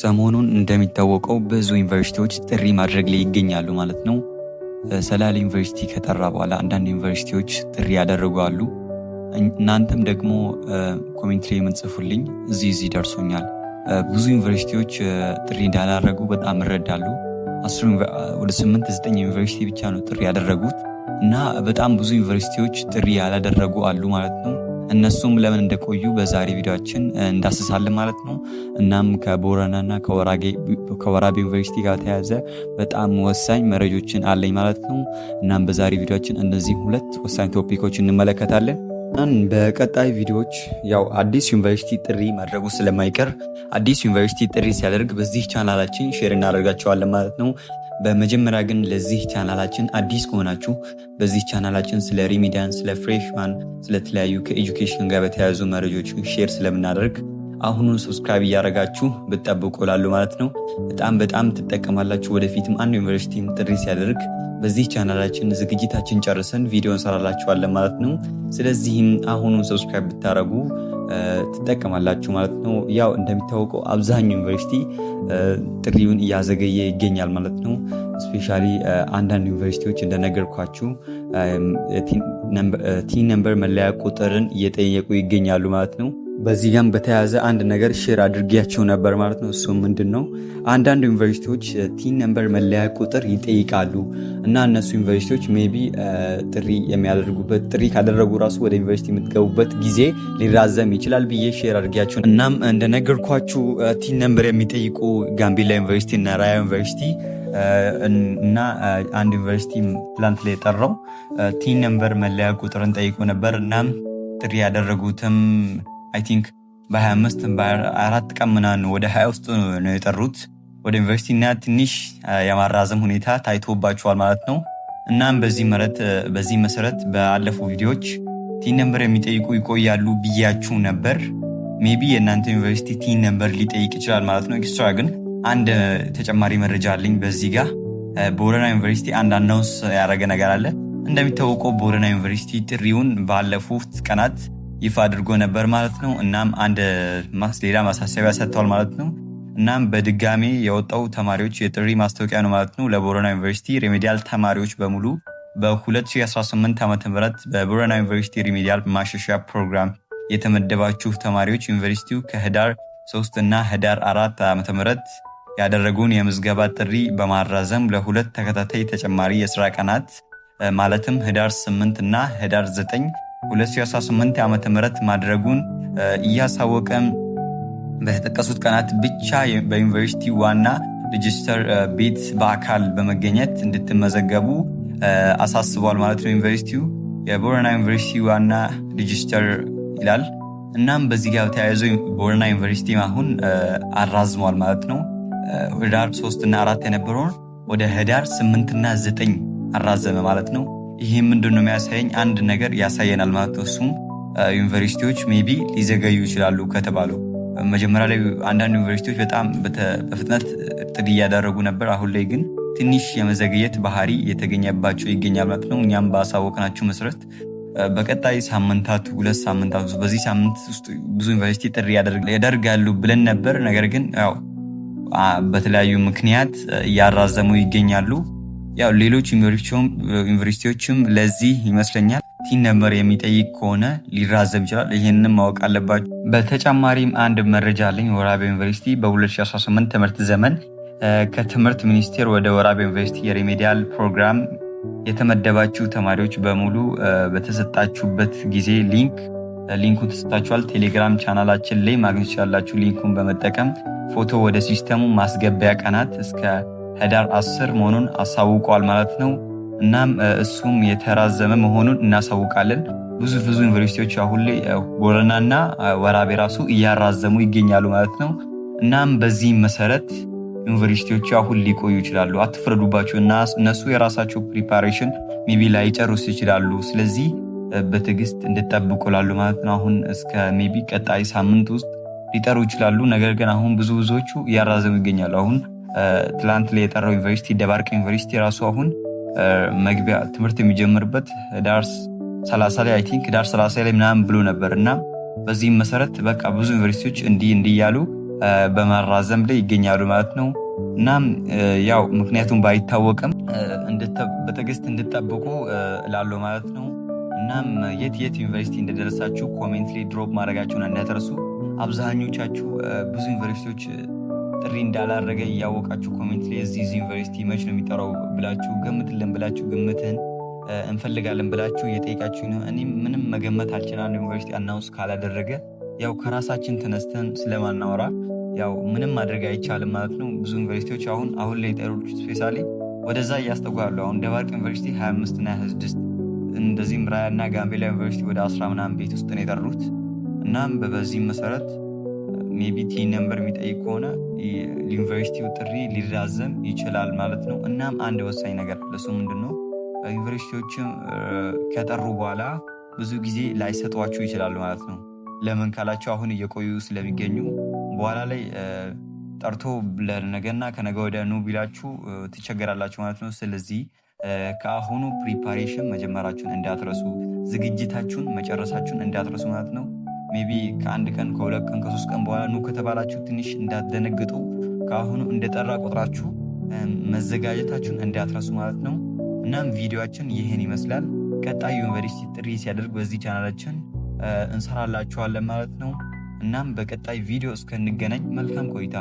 ሰሞኑን እንደሚታወቀው ብዙ ዩኒቨርሲቲዎች ጥሪ ማድረግ ላይ ይገኛሉ ማለት ነው። ሰላል ዩኒቨርሲቲ ከጠራ በኋላ አንዳንድ ዩኒቨርሲቲዎች ጥሪ ያደረጉ አሉ። እናንተም ደግሞ ኮሜንት ላይ የምንጽፉልኝ እዚህ እዚህ ደርሶኛል። ብዙ ዩኒቨርሲቲዎች ጥሪ እንዳላረጉ በጣም እረዳሉ። ወደ ስምንት ዘጠኝ ዩኒቨርሲቲ ብቻ ነው ጥሪ ያደረጉት እና በጣም ብዙ ዩኒቨርሲቲዎች ጥሪ ያላደረጉ አሉ ማለት ነው። እነሱም ለምን እንደቆዩ በዛሬ ቪዲዮችን እንዳስሳለን ማለት ነው። እናም ከቦረናና ከወራቤ ዩኒቨርሲቲ ጋር ተያያዘ በጣም ወሳኝ መረጆችን አለኝ ማለት ነው። እናም በዛሬ ቪዲዮችን እነዚህ ሁለት ወሳኝ ቶፒኮች እንመለከታለን። አን በቀጣይ ቪዲዮዎች ያው አዲስ ዩኒቨርሲቲ ጥሪ ማድረጉ ስለማይቀር አዲስ ዩኒቨርሲቲ ጥሪ ሲያደርግ በዚህ ቻናላችን ሼር እናደርጋቸዋለን ማለት ነው። በመጀመሪያ ግን ለዚህ ቻናላችን አዲስ ከሆናችሁ በዚህ ቻናላችን ስለ ሪሚዲያን፣ ስለ ፍሬሽማን፣ ስለተለያዩ ከኤጁኬሽን ጋር በተያያዙ መረጃዎች ሼር ስለምናደርግ አሁኑን ሰብስክራይብ እያደረጋችሁ ብትጠብቁ ላሉ ማለት ነው በጣም በጣም ትጠቀማላችሁ። ወደፊትም አንድ ዩኒቨርሲቲ ጥሪ ሲያደርግ በዚህ ቻናላችን ዝግጅታችን ጨርሰን ቪዲዮ እንሰራላችኋለን ማለት ነው። ስለዚህም አሁኑን ሰብስክራይብ ብታደረጉ ትጠቀማላችሁ ማለት ነው። ያው እንደሚታወቀው አብዛኛው ዩኒቨርሲቲ ጥሪውን እያዘገየ ይገኛል ማለት ነው። ስፔሻ አንዳንድ ዩኒቨርሲቲዎች እንደነገርኳችሁ ቲን ነምበር መለያ ቁጥርን እየጠየቁ ይገኛሉ ማለት ነው። በዚህ ጋም በተያያዘ አንድ ነገር ሼር አድርጌያቸው ነበር ማለት ነው። እሱም ምንድን ነው አንዳንድ ዩኒቨርሲቲዎች ቲን ነምበር መለያ ቁጥር ይጠይቃሉ እና እነሱ ዩኒቨርሲቲዎች ሜይ ቢ ጥሪ የሚያደርጉበት ጥሪ ካደረጉ ራሱ ወደ ዩኒቨርሲቲ የምትገቡበት ጊዜ ሊራዘም ይችላል ብዬ ሼር አድርጌያቸው። እናም እንደነገርኳችሁ ቲን ነምበር የሚጠይቁ ጋምቢላ ዩኒቨርሲቲ እና ራያ ዩኒቨርሲቲ እና አንድ ዩኒቨርሲቲ ፕላንት ላይ የጠራው ቲን ነምበር መለያ ቁጥርን ጠይቆ ነበር። እናም ጥሪ ያደረጉትም አይ ቲንክ በ25 በአራት ቀን ምናን ወደ 20 ውስጥ ነው የጠሩት ወደ ዩኒቨርሲቲና ትንሽ የማራዘም ሁኔታ ታይቶባቸዋል ማለት ነው። እናም በዚህ መረት በዚህ መሰረት በአለፉ ቪዲዮዎች ቲን ነንበር የሚጠይቁ ይቆያሉ ብያችሁ ነበር። ሜቢ የእናንተ ዩኒቨርሲቲ ቲን ነንበር ሊጠይቅ ይችላል ማለት ነው። ኤክስትራ ግን አንድ ተጨማሪ መረጃ አለኝ በዚህ ጋር በቦረና ዩኒቨርሲቲ አንድ አናውንስ ያደረገ ነገር አለ። እንደሚታወቀው ቦረና ዩኒቨርሲቲ ጥሪውን ባለፉት ቀናት ይፋ አድርጎ ነበር ማለት ነው። እናም አንድ ሌላ ማሳሰቢያ ሰጥተዋል ማለት ነው። እናም በድጋሜ የወጣው ተማሪዎች የጥሪ ማስታወቂያ ነው ማለት ነው። ለቦረና ዩኒቨርሲቲ ሪሜዲያል ተማሪዎች በሙሉ በ2018 ዓ ም በቦረና ዩኒቨርሲቲ ሪሜዲያል ማሻሻያ ፕሮግራም የተመደባችሁ ተማሪዎች ዩኒቨርሲቲው ከህዳር 3 እና ህዳር 4 ዓ ም ያደረጉን የምዝገባ ጥሪ በማራዘም ለሁለት ተከታታይ ተጨማሪ የስራ ቀናት ማለትም ህዳር 8 እና ህዳር 9 2018 ዓ ም ማድረጉን እያሳወቀም በተጠቀሱት ቀናት ብቻ በዩኒቨርሲቲ ዋና ሬጅስተር ቤት በአካል በመገኘት እንድትመዘገቡ አሳስቧል ማለት ነው። ዩኒቨርሲቲው የቦረና ዩኒቨርሲቲ ዋና ሬጅስተር ይላል። እናም በዚህ ጋር ተያይዞ ቦረና ዩኒቨርሲቲ አሁን አራዝሟል ማለት ነው። ህዳር ሶስት እና አራት የነበረውን ወደ ህዳር ስምንትና ዘጠኝ አራዘመ ማለት ነው። ይሄ ምንድን ነው የሚያሳየኝ? አንድ ነገር ያሳየናል ማለት ነው። እሱም ዩኒቨርሲቲዎች ሜቢ ሊዘገዩ ይችላሉ ከተባለው መጀመሪያ ላይ አንዳንድ ዩኒቨርሲቲዎች በጣም በፍጥነት ጥድ እያደረጉ ነበር። አሁን ላይ ግን ትንሽ የመዘግየት ባህሪ የተገኘባቸው ይገኛል ማለት ነው። እኛም በአሳወቅናቸው መሰረት በቀጣይ ሳምንታቱ ሁለት ሳምንታት በዚህ ሳምንት ውስጥ ብዙ ዩኒቨርሲቲ ጥሪ ያደርጋሉ ብለን ነበር። ነገር ግን ያው በተለያዩ ምክንያት እያራዘሙ ይገኛሉ። ያው ሌሎች ዩኒቨርሲቲዎችም ለዚህ ይመስለኛል ቲን የሚጠይቅ ከሆነ ሊራዘም ይችላል። ይህንን ማወቅ አለባቸው። በተጨማሪም አንድ መረጃ አለኝ። ወራቤ ዩኒቨርሲቲ በ2018 ትምህርት ዘመን ከትምህርት ሚኒስቴር ወደ ወራቤ ዩኒቨርሲቲ የሪሜዲያል ፕሮግራም የተመደባችሁ ተማሪዎች በሙሉ በተሰጣችሁበት ጊዜ ሊንክ ሊንኩን ተሰጣችኋል። ቴሌግራም ቻናላችን ላይ ማግኘት ይችላላችሁ። ሊንኩን በመጠቀም ፎቶ ወደ ሲስተሙ ማስገቢያ ቀናት እስከ ህዳር 10 መሆኑን አሳውቀዋል ማለት ነው። እናም እሱም የተራዘመ መሆኑን እናሳውቃለን። ብዙ ብዙ ዩኒቨርሲቲዎች አሁን ላይ ቦረናና ወራቤ ራሱ እያራዘሙ ይገኛሉ ማለት ነው። እናም በዚህ መሰረት ዩኒቨርሲቲዎች አሁን ሊቆዩ ይችላሉ። አትፍረዱባቸው እና እነሱ የራሳቸው ፕሪፓሬሽን ሜቢ ላይጨርሱ ይችላሉ። ስለዚህ በትዕግስት እንድጠብቁ ላሉ ማለት ነው። አሁን እስከ ሜቢ ቀጣይ ሳምንት ውስጥ ሊጠሩ ይችላሉ። ነገር ግን አሁን ብዙ ብዙዎቹ እያራዘሙ ይገኛሉ አሁን ትላንት ላይ የጠራው ዩኒቨርሲቲ ደባርቅ ዩኒቨርሲቲ ራሱ አሁን መግቢያ ትምህርት የሚጀምርበት ዳር ሰላሳ ላይ አይ ቲንክ ዳር ሰላሳ ላይ ምናምን ብሎ ነበር እና በዚህም መሰረት በቃ ብዙ ዩኒቨርሲቲዎች እንዲህ እንዲህ እያሉ በመራዘም ላይ ይገኛሉ ማለት ነው። እናም ያው ምክንያቱም ባይታወቅም በትዕግስት እንድጠብቁ እላለሁ ማለት ነው። እናም የት የት ዩኒቨርሲቲ እንደደረሳችሁ ኮሜንት ላይ ድሮፕ ማድረጋችሁን እንዳትረሱ። አብዛኞቻችሁ ብዙ ዩኒቨርሲቲዎች ጥሪ እንዳላረገ እያወቃችሁ ኮሜንት ላይ እዚህ ዩኒቨርሲቲ መች ነው የሚጠራው ብላችሁ ገምትልን ብላችሁ ግምትን እንፈልጋለን ብላችሁ እየጠየቃችሁ ነው። እኔም ምንም መገመት አልችላል። ዩኒቨርሲቲ አናውንስ ካላደረገ ያው ከራሳችን ተነስተን ስለማናወራ ያው ምንም ማድረግ አይቻልም ማለት ነው። ብዙ ዩኒቨርሲቲዎች አሁን አሁን ላይ ጠሮች ስፔሻሊ ወደዛ እያስተጓሉ አሁን ደባርቅ ዩኒቨርሲቲ 25 እና 26 እንደዚህም ራያና ጋምቤላ ዩኒቨርሲቲ ወደ አስራ ምናምን ቤት ውስጥ ነው የጠሩት። እናም በዚህም መሰረት ሜቢ ቲ ነምበር የሚጠይቅ ከሆነ ዩኒቨርሲቲው ጥሪ ሊራዘም ይችላል ማለት ነው። እናም አንድ ወሳኝ ነገር ለሱ ምንድን ነው ዩኒቨርሲቲዎችም ከጠሩ በኋላ ብዙ ጊዜ ላይሰጧችሁ ይችላሉ ማለት ነው። ለምን ካላቸው አሁን እየቆዩ ስለሚገኙ በኋላ ላይ ጠርቶ ለነገና ከነገ ወደ ኑ ቢላችሁ ትቸገራላችሁ ማለት ነው። ስለዚህ ከአሁኑ ፕሪፓሬሽን መጀመራችሁን እንዳትረሱ፣ ዝግጅታችሁን መጨረሳችሁን እንዳትረሱ ማለት ነው። ሜቢ ከአንድ ቀን ከሁለት ቀን ከሶስት ቀን በኋላ ኑ ከተባላችሁ ትንሽ እንዳትደነግጡ ከአሁኑ እንደጠራ ቆጥራችሁ መዘጋጀታችሁን እንዳትረሱ ማለት ነው። እናም ቪዲዮችን ይህን ይመስላል። ቀጣይ ዩኒቨርሲቲ ጥሪ ሲያደርግ በዚህ ቻናላችን እንሰራላችኋለን ማለት ነው። እናም በቀጣይ ቪዲዮ እስከንገናኝ መልካም ቆይታ